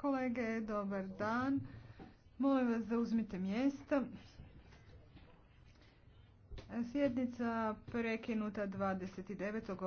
kolege, dobar dan. Molim vas da uzmite mjesto. Sjednica prekinuta 29.